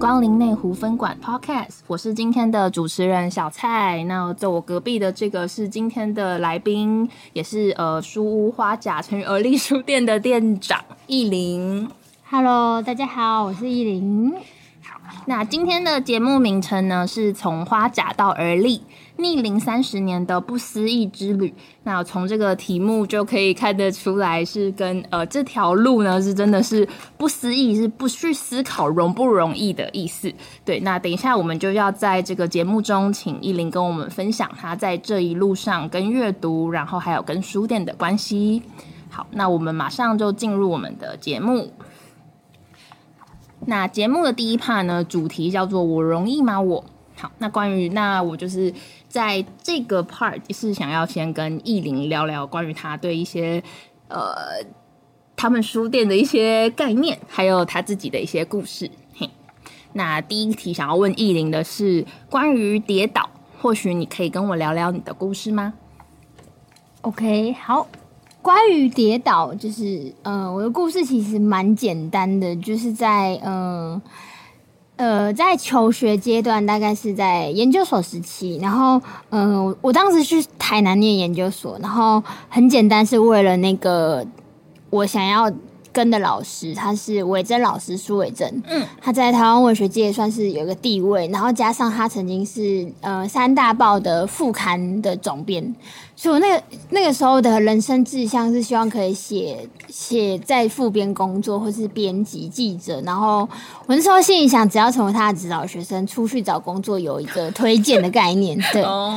光臨內湖分館 Podcast，我是今天的主持人小蔡。那我坐我隔壁的這個是今天的來賓，也是呃書屋花甲成於而立書店的店長億玲。Hello，大家好，我是億玲。好，那今天的節目名稱呢，是從花甲到而立。逆齡三十年的不思易之旅，那從這個題目就可以看得出來，是跟呃這條路呢是真的是不思議，是不去思考容不容易的意思。對，那等一下我們就要在這個節目中，請億玲跟我們分享他在這一路上跟閱讀，然後還有跟書店的關係。好，那我們馬上就進入我們的節目。那節目的第一 part 呢，主題叫做“我容易嗎？我”。好，那關於那我就是在這個 part 是想要先跟億玲聊聊關於他對一些呃他們書店的一些概念，還有他自己的一些故事。嘿，那第一題想要問億玲的是關於跌倒，或許你可以跟我聊聊你的故事嗎？OK，好，關於跌倒就是呃我的故事其實蠻簡單的，就是在嗯。呃呃，在求學階段，大概是在研究所時期，然後，嗯、呃，我當時去台南念研究所，然後很簡單，是為了那個我想要。跟的老師他是偉貞老師蘇偉貞，嗯，他在台灣文學界算是有一個地位，然後加上他曾經是呃三大報的副刊的總編，所以我那個那個時候的人生志向是希望可以寫寫在副編工作或是編輯記者，然後我那時候心裡想，只要成為他的指導學生，出去找工作有一個推薦的概念， 對，oh.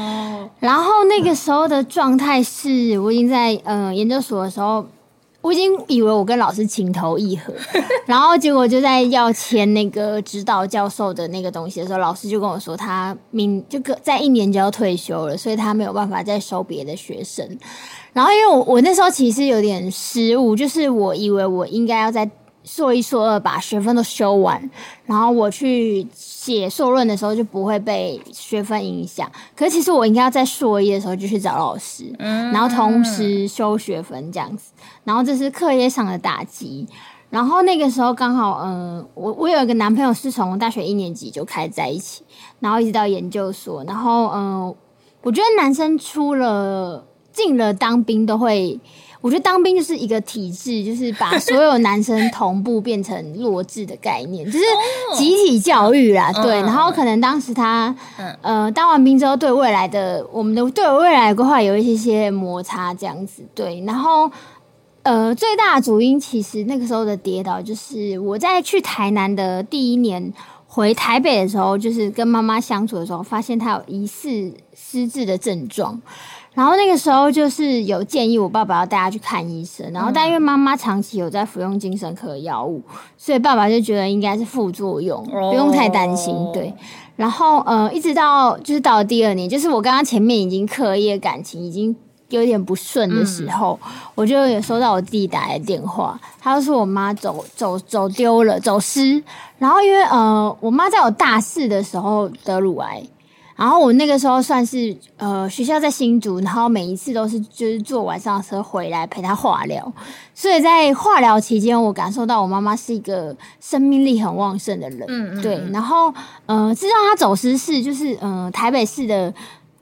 然後那個時候的狀態是我已經在呃研究所的時候。我已經以為我跟老師情投意合，然後結果就在要簽那個指導教授的那個東西的時候，老師就跟我說他明就在一年就要退休了，所以他沒有辦法再收別的學生。然後因為我我那時候其實有點失誤，就是我以為我應該要在碩一碩二把學分都修完，然後我去。寫碩論的時候就不會被學分影響，可是其實我應該要在碩一的時候就去找老師，嗯、然後同時修學分這樣子。然後這是課業上的打擊，然後那個時候剛好，嗯、呃，我我有一個男朋友是從大學一年級就開始在一起，然後一直到研究所。然後，嗯、呃，我覺得男生出了進了當兵都會。我覺得當兵就是一個體制，就是把所有男生同步變成弱智的概念， 就是集體教育啦。對，然後可能當時他，嗯、呃、當完兵之後對，對未來的我們的對未來規劃有一些些摩擦這樣子。對，然後，呃，最大的主因其實那個時候的跌倒，就是我在去台南的第一年回台北的時候，就是跟媽媽相處的時候，發現她有疑似失智的症狀。然後那個時候就是有建議我爸爸要帶他去看醫生，然後但因為媽媽長期有在服用精神科藥物，嗯、所以爸爸就覺得應該是副作用，哦、不用太擔心。對，然後呃，一直到就是到了第二年，就是我剛剛前面已經課業、感情已經有點不順的時候，嗯、我就有收到我弟打來的電話，他說我媽走走走丟了，走失。然後因為呃，我媽在我大四的時候得乳癌。然後我那個時候算是呃學校在新竹，然後每一次都是就是坐晚上的車回來陪她化療，所以在化療期間，我感受到我媽媽是一個生命力很旺盛的人，嗯、哼對。然後呃，知道她走失是就是呃台北市的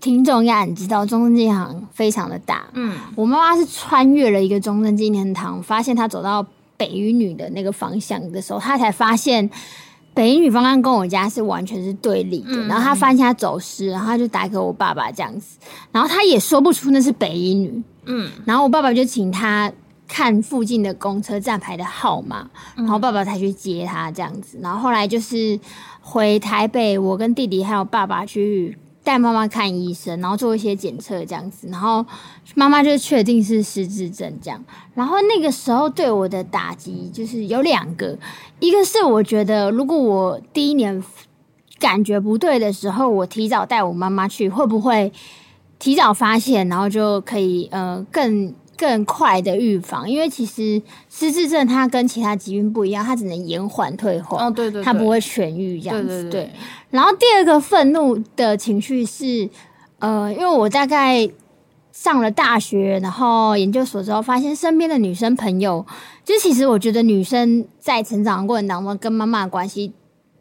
聽眾應該知道，中正紀念堂非常的大，嗯，我媽媽是穿越了一個中正紀念堂，發現她走到北一女的那個方向的時候，她才發現。北一女方剛跟我家是完全是對立的，嗯、然後他發現他走失，然後他就打給我爸爸這樣子，然後他也說不出那是北一女，嗯，然後我爸爸就請他看附近的公車站牌的號碼，然後爸爸才去接他這樣子，然後後來就是回台北，我跟弟弟還有爸爸去。帶媽媽看醫生，然後做一些檢測，這樣子，然後媽媽就確定是失智症這樣。然後那個時候對我的打擊就是有兩個，一個是我覺得如果我第一年感覺不對的時候，我提早帶我媽媽去，會不會提早發現，然後就可以呃更。更快的預防，因為其實失智症它跟其他疾病不一樣，它只能延緩退化，哦對，對對，它不會痊癒這樣子。對，對，對，對。然後第二個憤怒的情緒是，呃，因為我大概上了大學，然後研究所之後，發現身邊的女生朋友，就其實我覺得女生在成長的過程當中跟媽媽的關係。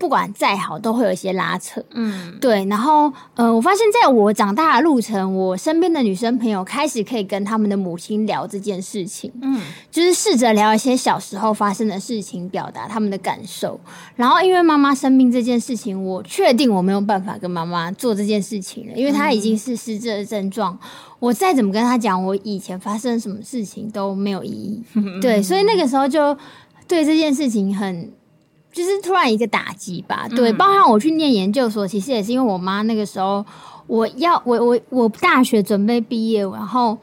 不管再好，都會有一些拉扯，嗯，對。然後，呃，我發現在我長大的路程，我身邊的女生朋友開始可以跟她們的母親聊這件事情，嗯，就是試着聊一些小時候發生的事情，表達她們的感受。然後，因為媽媽生病這件事情，我確定我沒有辦法跟媽媽做這件事情了，因為她已經是失智的症狀，嗯、我再怎麼跟她講我以前發生什麼事情都沒有意義。 對，所以那個時候就對這件事情很。就是突然一個打擊吧，對，嗯、包含我去念研究所，其實也是因為我媽那個時候我，我要我我我大學準備畢業，然後。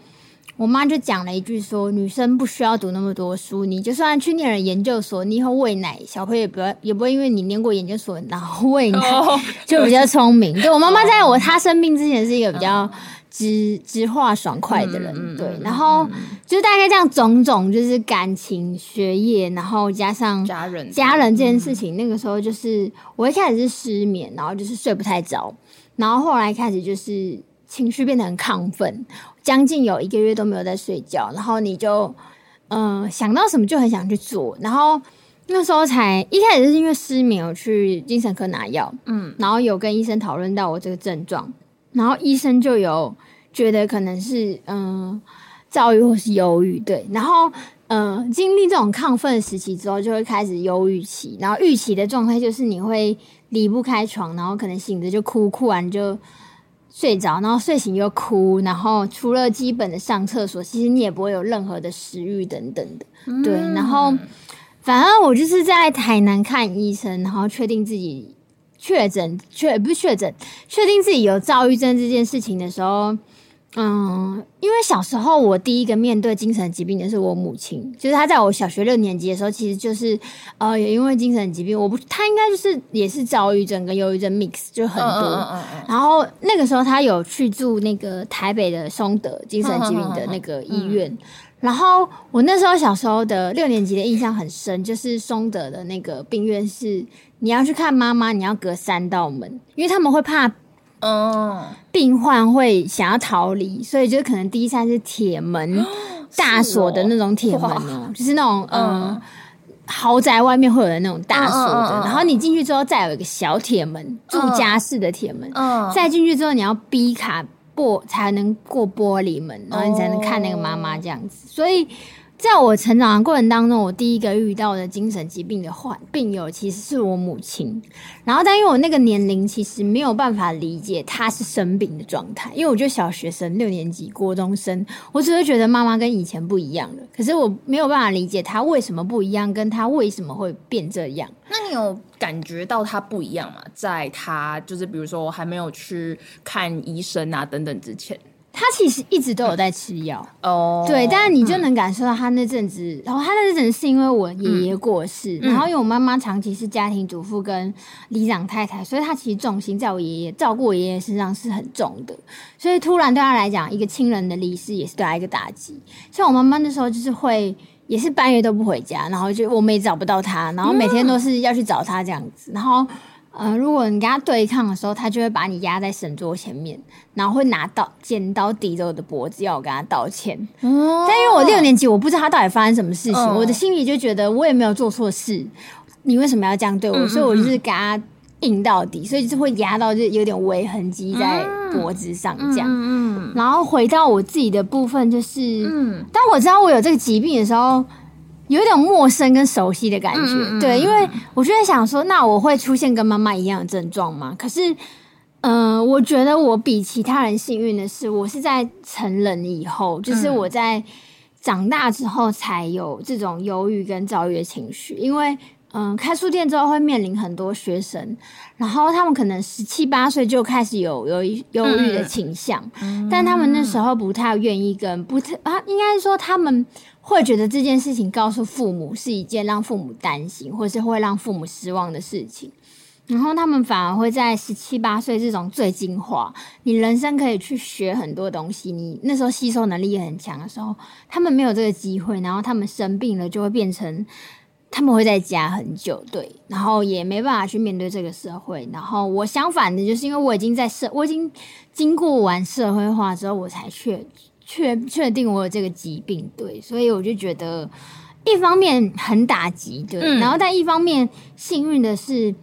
我媽就講了一句說，說女生不需要讀那麼多書，你就算去念了研究所，你以後餵奶，小朋友也不要也不會因為你念過研究所，然後餵奶、oh. 就比較聰明。對 我媽媽，在我、oh. 她生病之前是一個比較直、oh. 直話爽快的人，對。嗯、然後、嗯、就大概這樣，種種就是感情、學業，然後加上家人、嗯、家人這件事情。嗯、那個時候就是我一開始是失眠，然後就是睡不太着，然後後來開始就是。情緒變得很亢奮，將近有一個月都沒有在睡覺，然後你就嗯、呃、想到什麼就很想去做，然後那時候才一開始就是因為失眠，有去精神科拿藥，嗯，然後有跟醫生討論到我這個症狀，然後醫生就有覺得可能是嗯、呃、躁鬱或是憂鬱，對，然後嗯、呃、經歷這種亢奮時期之後，就會開始憂鬱期，然後預期的狀態就是你會離不開床，然後可能醒着就哭，哭完就。睡着，然後睡醒又哭，然後除了基本的上廁所，其實你也不會有任何的食慾等等的，嗯、對。然後，反而我就是在台南看醫生，然後確定自己確診，確不是確診，確定自己有躁鬱症這件事情的時候。嗯，因為小時候我第一個面對精神疾病的是我母親，就是她在我小學六年級的時候，其實就是呃，也因為精神疾病，我不，她應該就是也是躁鬱症跟憂鬱症 mix，就很多。啊啊啊啊啊、然後那個時候她有去住那個台北的松德精神疾病的那個醫院，啊啊啊啊嗯、然後我那時候小時候的六年級的印象很深，就是松德的那個病院是你要去看媽媽，你要隔三道門，因為他們會怕。嗯，uh, 病患會想要逃離，所以就可能第一扇是鐵門大鎖的那種鐵門哦，就是那種、uh, 嗯豪宅外面會有的那種大鎖的。Uh, uh, uh, uh. 然後你進去之後，再有一個小鐵門，住家式的鐵門。Uh, uh. 再進去之後，你要逼卡玻才能過玻璃門，然後你才能看那個媽媽這樣子。所以。在我成長的過程當中，我第一個遇到的精神疾病的患病友，其實是我母親。然後，但因為我那個年齡，其實沒有辦法理解她是生病的狀態，因為我就小學生六年級、國中生，我只是覺得媽媽跟以前不一樣了。可是我沒有辦法理解她為什麼不一樣，跟她為什麼會變這樣。那你有感覺到她不一樣嗎？在她就是比如說我還沒有去看醫生啊等等之前。他其實一直都有在吃藥，哦、嗯，對，但是你就能感受到他那陣子，然後、嗯哦、他那陣子是因為我爺爺過世，嗯、然後因為我媽媽長期是家庭主婦跟里長太太，所以她其實重心在我爺爺，照顧我爺爺身上是很重的，所以突然對他來講，一個親人的離世也是對他一個打擊。像我媽媽那時候就是會也是半夜都不回家，然後就我們也找不到他，然後每天都是要去找他這樣子，嗯、然後。呃，如果你跟他對抗的時候，他就會把你壓在神桌前面，然後會拿刀、剪刀抵着我的脖子，要我跟他道歉。哦、但因為我六年級，我不知道他到底發生什麼事情，哦、我的心裡就覺得我也沒有做錯事，你為什麼要這樣對我？嗯嗯嗯，所以我就是跟他硬到底，所以就會壓到就有點微痕跡在脖子上這樣。嗯，嗯，嗯然後回到我自己的部分，就是當、嗯、我知道我有這個疾病的時候。有點陌生跟熟悉的感覺，嗯、對，因為我就在想說，那我會出現跟媽媽一樣的症狀嗎？可是，嗯、呃，我覺得我比其他人幸運的是，我是在成人以後，就是我在長大之後才有這種憂鬱跟躁鬱的情緒。嗯、因為，嗯、呃，開書店之後會面臨很多學生，然後他們可能十七八歲就開始有有憂鬱的傾向。嗯、但他們那時候不太願意跟不太啊，應該說他們。會覺得這件事情告訴父母是一件讓父母擔心，或者是會讓父母失望的事情。然後他們反而會在十七八歲這種最精華，你人生可以去學很多東西，你那時候吸收能力也很強的時候，他們沒有這個機會。然後他們生病了，就會變成他們會在家很久，對，然後也沒辦法去面對這個社會。然後我相反的，就是因為我已經在社，我已經經過完社會化之後，我才去。確確定我有這個疾病，對，所以我就覺得一方面很打擊，對，嗯、然後但一方面幸運的是，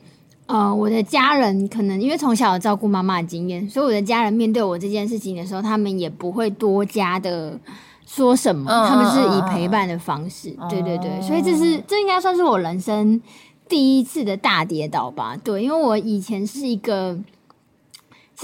呃，我的家人可能因為從小有照顧媽媽的經驗，所以我的家人面對我這件事情的時候，他們也不會多加的說什麼，嗯、啊啊啊啊他們是以陪伴的方式，嗯、啊啊對對對，所以這是這應該算是我人生第一次的大跌倒吧，對，因為我以前是一個。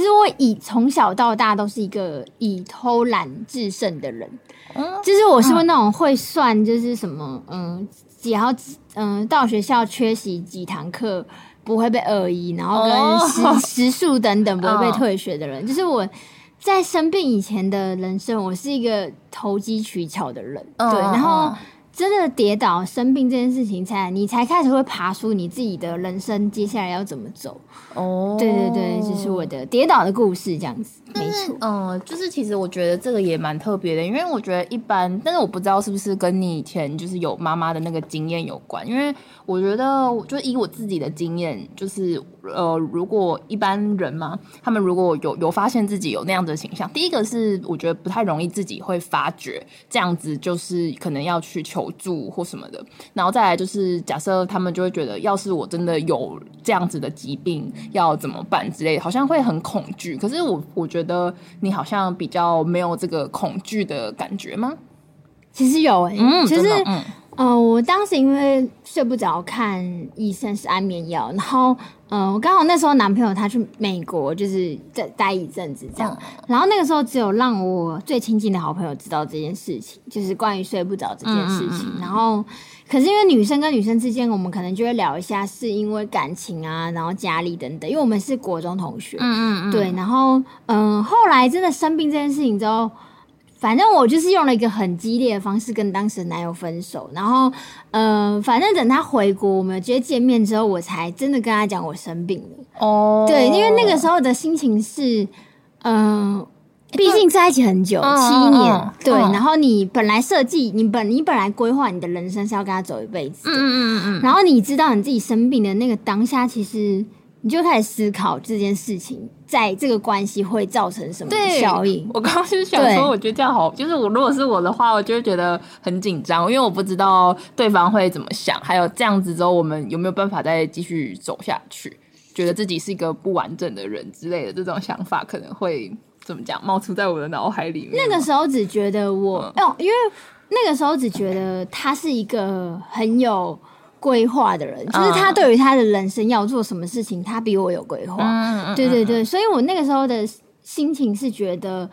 其實我以從小到大都是一個以偷懶致勝的人，嗯、就是我是不是那種會算就是什麼嗯，只要，嗯到學校缺席幾堂課不會被二一，然後跟時時數等等不會被退學的人。哦、就是我在生病以前的人生，我是一個投機取巧的人，哦、對，然後。哦真的跌倒生病這件事情，才你才開始會爬梳你自己的人生，接下來要怎麼走？哦、oh，對對對，這、就是我的跌倒的故事這樣子。沒錯嗯，嗯，就是其實我覺得這個也蠻特別的，因為我覺得一般，但是我不知道是不是跟你以前就是有媽媽的那個經驗有關。因為我覺得，就以我自己的經驗，就是呃，如果一般人嘛，他們如果有有發現自己有那樣的形象，第一個是我覺得不太容易自己會發覺，這樣子就是可能要去求。求助或什麼的，然後再來就是假設他們就會覺得，要是我真的有這樣子的疾病，要怎麼辦之類的，好像會很恐懼。可是我我覺得你好像比較沒有這個恐懼的感覺嗎？其實有欸，嗯，其實呃，我當時因為睡不着，看醫生是安眠藥，然後，呃，我剛好那時候男朋友他去美國，就是在待一陣子這樣，哦，然後那個時候只有讓我最親近的好朋友知道這件事情，就是關於睡不着這件事情，嗯嗯，然後，可是因為女生跟女生之間，我們可能就會聊一下，是因為感情啊，然後家裡等等，因為我們是國中同學，嗯嗯嗯，對，然後，嗯，呃，後來真的生病這件事情之後。反正我就是用了一個很激烈的方式跟當時的男友分手，然後，嗯、呃、反正等他回國，我們直接見面之後，我才真的跟他講我生病了。哦，oh. 對，因為那個時候的心情是，嗯、呃，畢、欸、竟在一起很久，七、oh. 年，oh. Oh. Oh. Oh. Oh. 對，然後你本來設計，你本你本來規劃你的人生是要跟他走一輩子的，嗯嗯嗯嗯，hmm. 然後你知道你自己生病的那個當下，其實你就開始思考這件事情。在這個關係會造成什麼效應？對，我剛剛是想說，我覺得這樣好，對就是我如果是我的話，我就會覺得很緊張，因為我不知道對方會怎麼想，還有這樣子之後我們有沒有辦法再繼續走下去？覺得自己是一個不完整的人之類的這種想法，可能會怎麼講冒出在我的腦海裡面。那個時候只覺得我、嗯、哦，因為那個時候只覺得他是一個很有。規劃的人，就是他對於他的人生要做什麼事情，uh. 他比我有規劃。Uh. 對對對，所以我那個時候的心情是覺得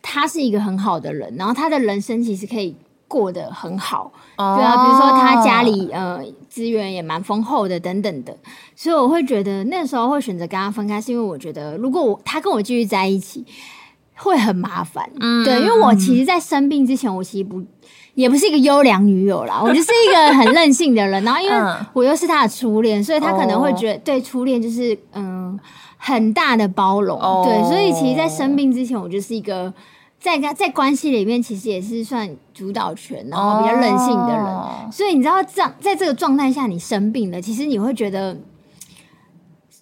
他是一個很好的人，然後他的人生其實可以過得很好，uh. 對啊，比如說他家裡呃資源也蠻豐厚的等等的，所以我會覺得那時候會選擇跟他分開，是因為我覺得如果我他跟我繼續在一起會很麻煩。嗯，uh. 對，因為我其實在生病之前，我其實不。也不是一個優良女友啦，我就是一個很任性的人。 然後因為我又是他的初戀，所以他可能會覺得對初戀就是、oh. 嗯，很大的包容。Oh. 對，所以其實，在生病之前，我就是一個在在關係裡面其實也是算主導權，然後比較任性的人。Oh. 所以你知道，這樣在這個狀態下，你生病了，其實你會覺得，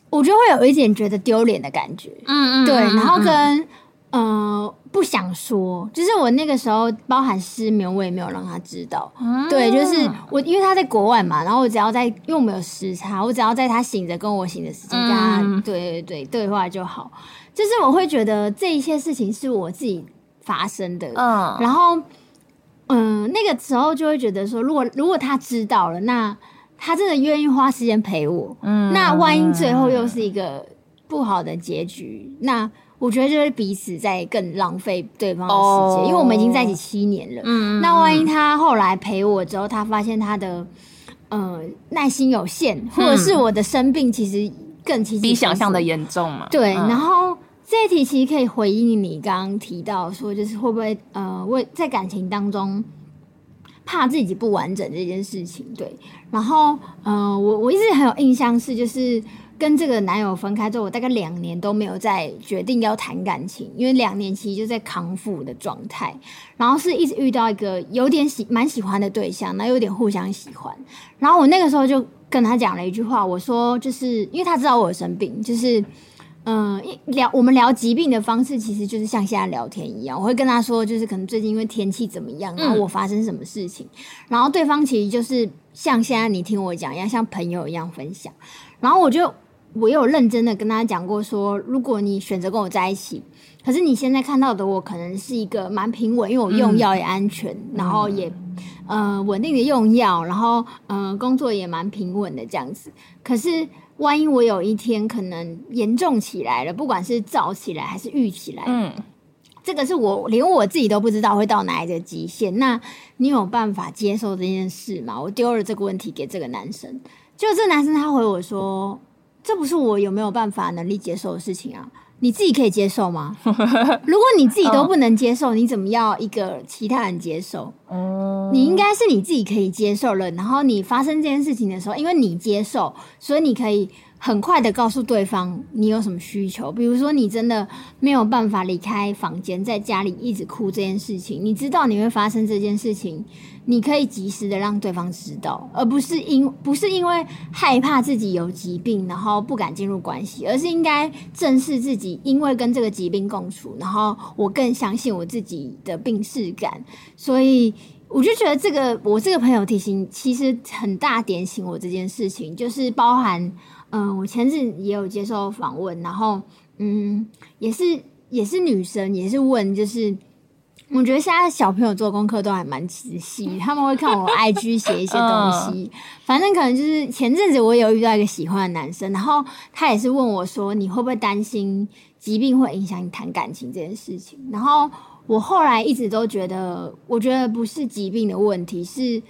我覺得會有一點覺得丟臉的感覺。嗯嗯，對，然後跟。 嗯、呃，不想說。就是我那個時候，包含失眠，我也沒有讓他知道。嗯、對，就是我，因為他在國外嘛，然後我只要在，因為我們有時差，我只要在他醒着跟我醒的時間跟他、嗯、對對對對，對話就好。就是我會覺得這一些事情是我自己發生的。嗯，然後，嗯、呃，那個時候就會覺得說，如果如果他知道了，那他真的願意花時間陪我，嗯、那萬一最後又是一個不好的結局，嗯、那。我覺得就是彼此在更浪費對方的時間，oh, 因為我們已經在一起七年了。嗯、那萬一他後來陪我之後，他發現他的呃耐心有限，嗯、或者是我的生病其實更其實比想象的嚴重嘛？對。嗯、然後這一題其實可以回應你剛剛提到說，就是會不會呃為在感情當中怕自己不完整這件事情？對。然後呃，我我一直很有印象是就是。跟這個男友分開之後，我大概兩年都沒有再決定要談感情，因為兩年其實就在康復的狀態，然後是一直遇到一個有點喜蠻喜歡的對象，那有點互相喜歡，然後我那個時候就跟他講了一句話，我說就是因為他知道我生病，就是嗯、呃、聊我們聊疾病的方式其實就是像現在聊天一樣，我會跟他說就是可能最近因為天氣怎麼樣，然後我發生什麼事情，嗯、然後對方其實就是像現在你聽我講一樣，像朋友一樣分享，然後我就。我有認真的跟大家講過說，說如果你選擇跟我在一起，可是你現在看到的我可能是一個蠻平穩，因為我用藥也安全，嗯、然後也、嗯、呃穩定的用藥，然後嗯、呃、工作也蠻平穩的這樣子。可是萬一我有一天可能嚴重起來了，不管是躁起來還是鬱起來，嗯，這個是我連我自己都不知道會到哪一個極限。那你有辦法接受這件事嗎？我丟了這個問題給這個男生，就這男生他回我說。這不是我有沒有辦法能力接受的事情啊。你自己可以接受嗎？ 如果你自己都不能接受， 你怎麼要一個其他人接受？嗯，你應該是你自己可以接受了，然後你發生這件事情的時候，因為你接受，所以你可以，很快的告訴對方你有什麼需求，比如說你真的沒有辦法離開房間，在家裡一直哭這件事情，你知道你會發生這件事情，你可以及時的讓對方知道，而不是因不是因為害怕自己有疾病，然後不敢進入關係，而是應該正視自己，因為跟這個疾病共處，然後我更相信我自己的病識感，所以我就覺得這個我這個朋友提醒其實很大點醒我這件事情，就是包含。嗯，我前陣也有接受訪問，然後嗯，也是也是女生，也是問，就是我覺得現在小朋友做功課都還蠻仔細， 他們會看我 IG 寫一些東西， 反正可能就是前陣子我有遇到一個喜歡的男生，然後他也是問我說，你會不會擔心疾病會影響你談感情這件事情？然後我後來一直都覺得，我覺得不是疾病的問題，是。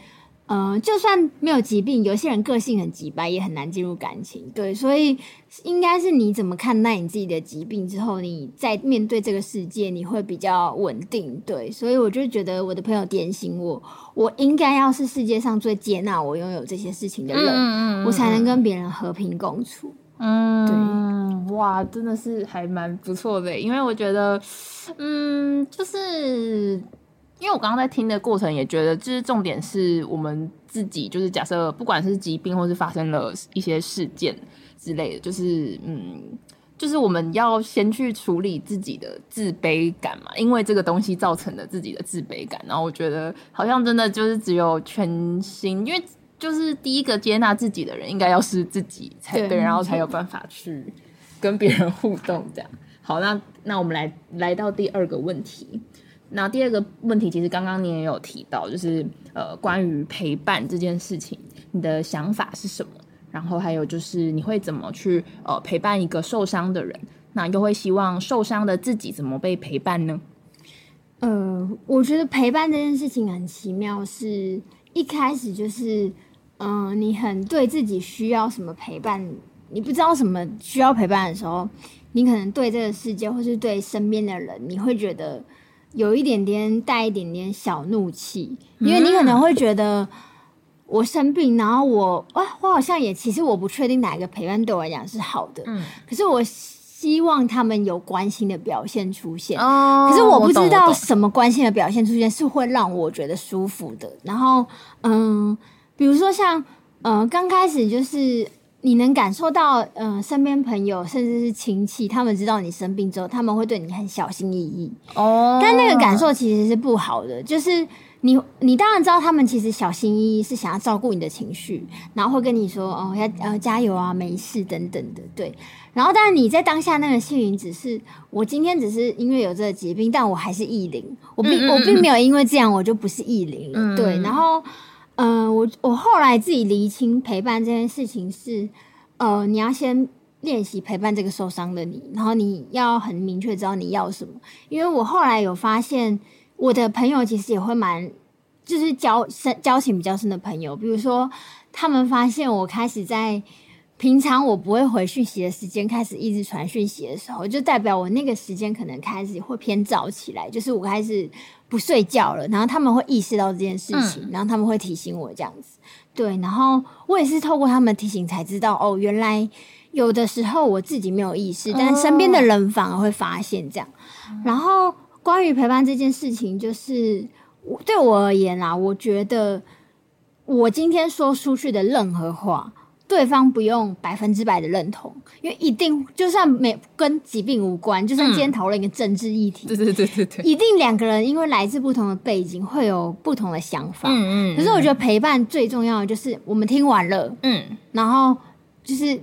嗯，就算沒有疾病，有些人個性很直白，也很難進入感情。對，所以應該是你怎麼看待你自己的疾病之後，你在面對這個世界，你會比較穩定。對，所以我就覺得我的朋友點醒我，我應該要是世界上最接納我擁有這些事情的人，嗯嗯嗯、我才能跟別人和平共處。嗯，對，哇，真的是還蠻不錯的，因為我覺得，嗯，就是。因為我剛剛在聽的過程也覺得，就是重點是我們自己，就是假設不管是疾病或是發生了一些事件之類的，就是嗯，就是我們要先去處理自己的自卑感嘛，因為這個東西造成了自己的自卑感。然後我覺得好像真的就是只有全心，因為就是第一個接納自己的人應該要是自己才對，對，然後才有辦法去跟別人互動。這樣好，那那我們來來到第二個問題。那第二個問題，其實剛剛你也有提到，就是呃，關於陪伴這件事情，你的想法是什麼？然後還有就是，你會怎麼去呃陪伴一個受傷的人？那又會希望受傷的自己怎麼被陪伴呢？呃，我覺得陪伴這件事情很奇妙是，是一開始就是，嗯、呃，你很對自己需要什麼陪伴，你不知道什麼需要陪伴的時候，你可能對這個世界或是對身邊的人，你會覺得。有一點點帶一點點小怒氣，因為你可能會覺得我生病，嗯、然後我啊，我好像也其實我不確定哪一個陪伴對我來講是好的，嗯、可是我希望他們有關心的表現出現，哦，可是我不知道什麼關心的表現出現是會讓我覺得舒服的，然後嗯、呃，比如說像嗯，剛、呃、開始就是。你能感受到，嗯、呃，身邊朋友甚至是親戚，他們知道你生病之後，他們會對你很小心翼翼。哦，oh. 但那個感受其實是不好的。就是你，你當然知道他們其實小心翼翼是想要照顧你的情緒，然後會跟你說：“哦，要要、呃、加油啊，沒事等等的。”對。然後，但你在當下那個幸運，只是我今天只是因為有這個疾病，但我還是億玲，我並、嗯嗯嗯、我並沒有因為這樣我就不是億玲了。嗯、對，然後。嗯、呃，我我後來自己釐清陪伴這件事情是，呃，你要先練習陪伴這個受傷的你，然後你要很明確知道你要什麼。因為我後來有發現，我的朋友其實也會蠻，就是交深交情比較深的朋友，比如說他們發現我開始在平常我不會回訊息的時間開始一直傳訊息的時候，就代表我那個時間可能開始會偏早起來，就是我開始。不睡覺了，然後他們會意識到這件事情，嗯、然後他們會提醒我這樣子，對，然後我也是透過他們提醒才知道，哦，原來有的時候我自己沒有意識，但身邊的人反而會發現這樣。哦、然後關於陪伴這件事情，就是我對我而言啊，我覺得我今天說出去的任何話。對方不用百分之百的認同，因為一定就算沒跟疾病無關，就算今天討論一個政治議題，嗯、對對對對，一定兩個人因為來自不同的背景，會有不同的想法。嗯，嗯，可是我覺得陪伴最重要的就是我們聽完了，嗯，然後就是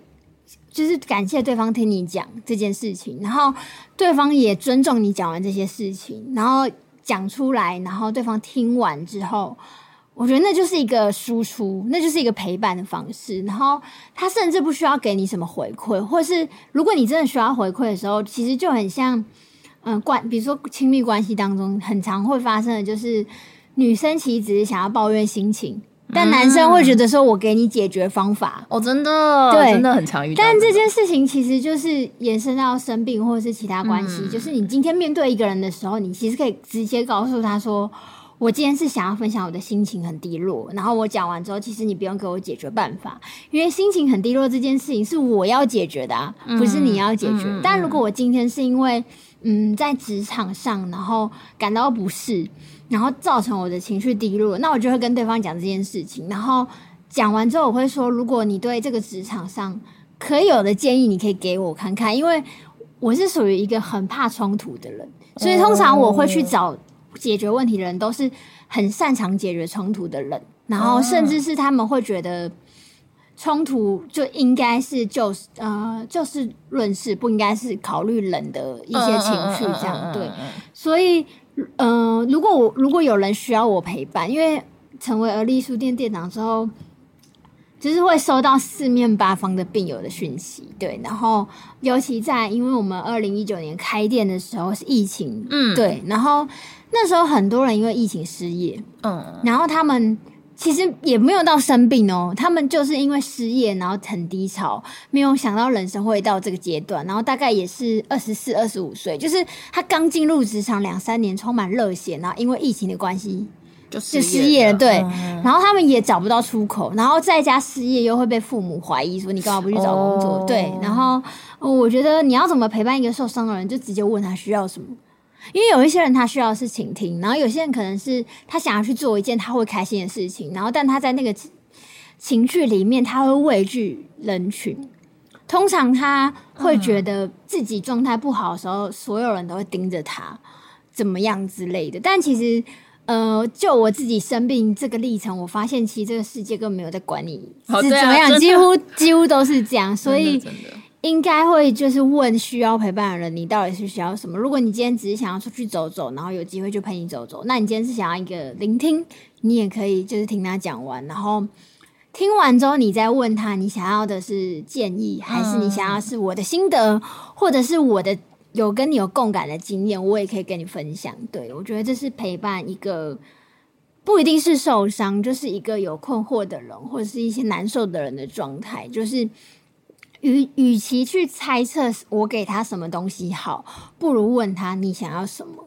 就是感謝對方聽你講這件事情，然後對方也尊重你講完這些事情，然後講出來，然後對方聽完之後，我覺得那就是一個輸出，那就是一個陪伴的方式。然後他甚至不需要給你什麼回饋，或是如果你真的需要回饋的時候，其實就很像，嗯，關比如說親密關係當中很常會發生的就是女生其實只是想要抱怨心情，但男生會覺得說我給你解決方法我、嗯對哦、真的對，真的很常遇到。但這件事情其實就是延伸到生病或者是其他關係，嗯、就是你今天面對一個人的時候，你其實可以直接告訴他說。我今天是想要分享我的心情很低落，然後我講完之後，其實你不用給我解決辦法，因為心情很低落這件事情是我要解決的啊，嗯，不是你要解決。嗯嗯，但如果我今天是因為嗯在職場上，然後感到不適，然後造成我的情緒低落，那我就會跟對方講這件事情。然後講完之後，我會說，如果你對這個職場上可以有的建議，你可以給我看看，因為我是屬於一個很怕衝突的人，所以通常我會去找。解決問題的人都是很擅長解決衝突的人，然後甚至是他們會覺得衝突就應該是就呃就事、是、論事，不應該是考慮人的一些情緒這樣，對。所以，嗯、呃，如果我如果有人需要我陪伴，因為成為而立書店店長之後，就是會收到四面八方的病友的訊息，對，然後尤其在因為我們二零一九年開店的時候是疫情，嗯，對，然後。那時候很多人因為疫情失業，嗯，然後他們其實也沒有到生病哦、喔，他們就是因為失業，然後很低潮，沒有想到人生會到這個階段。然後大概也是二十四、二十五歲，就是他剛進入職場兩三年，充滿熱血，然後因為疫情的關係就，就失業了，對。嗯、然後他們也找不到出口，然後在家失業又會被父母懷疑說，你幹嘛不去找工作？哦、對。然後我覺得你要怎麼陪伴一個受傷的人，就直接問他需要什麼。因為有一些人他需要是傾聽，然後有些人可能是他想要去做一件他會開心的事情，然後但他在那個情緒裡面他會畏懼人群，通常他會覺得自己狀態不好的時候，嗯、所有人都會盯着他怎麼樣之類的。但其實，呃，就我自己生病這個歷程，我發現其實這個世界根本沒有在管你是怎麼樣，哦啊、幾乎幾乎都是這樣，所以。應該會就是問需要陪伴的人，你到底是需要什麼？如果你今天只是想要出去走走，然後有機會就陪你走走，那你今天是想要一個聆聽，你也可以就是聽他講完，然後聽完之後你再問他，你想要的是建議，還是你想要是我的心得，或者是我的有跟你有共感的經驗，我也可以跟你分享。對，我覺得這是陪伴一個不一定是受傷，就是一個有困惑的人，或者是一些難受的人的狀態，就是。與與其去猜測我給他什麼東西好，不如問他你想要什麼。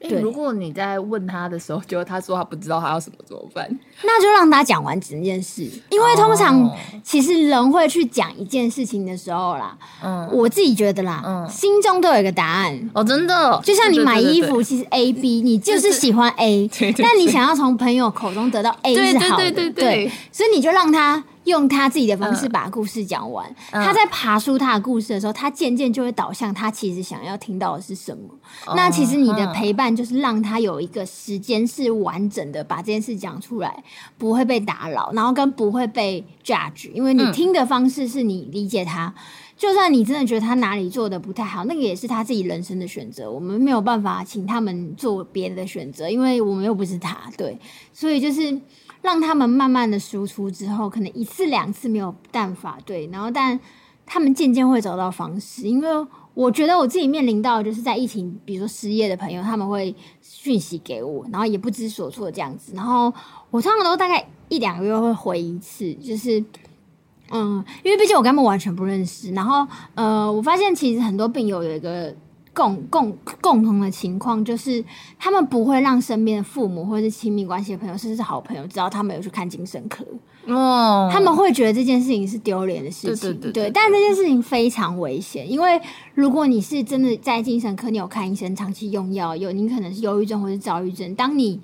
對，如果你在問他的時候，就他說他不知道他要什麼怎麼辦？那就讓他講完整件事，因為通常、哦、其實人會去講一件事情的時候啦，嗯，我自己覺得啦，嗯，心中都有一個答案哦，真的。就像你買衣服，其實 A、B，你就是喜歡 A。對對對對，但你想要從朋友口中得到 A，對對對對對，是好的，對，所以你就讓他。用他自己的方式把故事講完。Uh, uh, 他在爬梳他的故事的時候，他漸漸就會導向他其實想要聽到的是什麼。那其實你的陪伴就是讓他有一個時間是完整的把這件事講出來，不會被打擾，然後跟不會被 judge。因為你聽的方式是你理解他，嗯、就算你真的覺得他哪裡做得不太好，那個也是他自己人生的選擇。我們沒有辦法請他們做別的選擇，因為我們又不是他。對，所以就是。讓他們慢慢的輸出之後，可能一次兩次沒有辦法，對，然後但他們漸漸會找到方式，因為我覺得我自己面臨到就是在疫情，比如說失業的朋友，他們會訊息給我，然後也不知所措這樣子，然後我通常都大概一兩個月會回一次，就是嗯，因為畢竟我跟他們完全不認識，然後呃、嗯，我發現其實很多病友有一個。共共共同的情況就是，他們不會讓身邊的父母或者是親密關係的朋友，甚至是好朋友，知道他們有去看精神科。哦，他們會覺得這件事情是丟臉的事情，對對對，對，對，對。但這件事情非常危險，因為如果你是真的在精神科，你有看醫生，長期用藥，有你可能是憂鬱症或是躁鬱症，當你。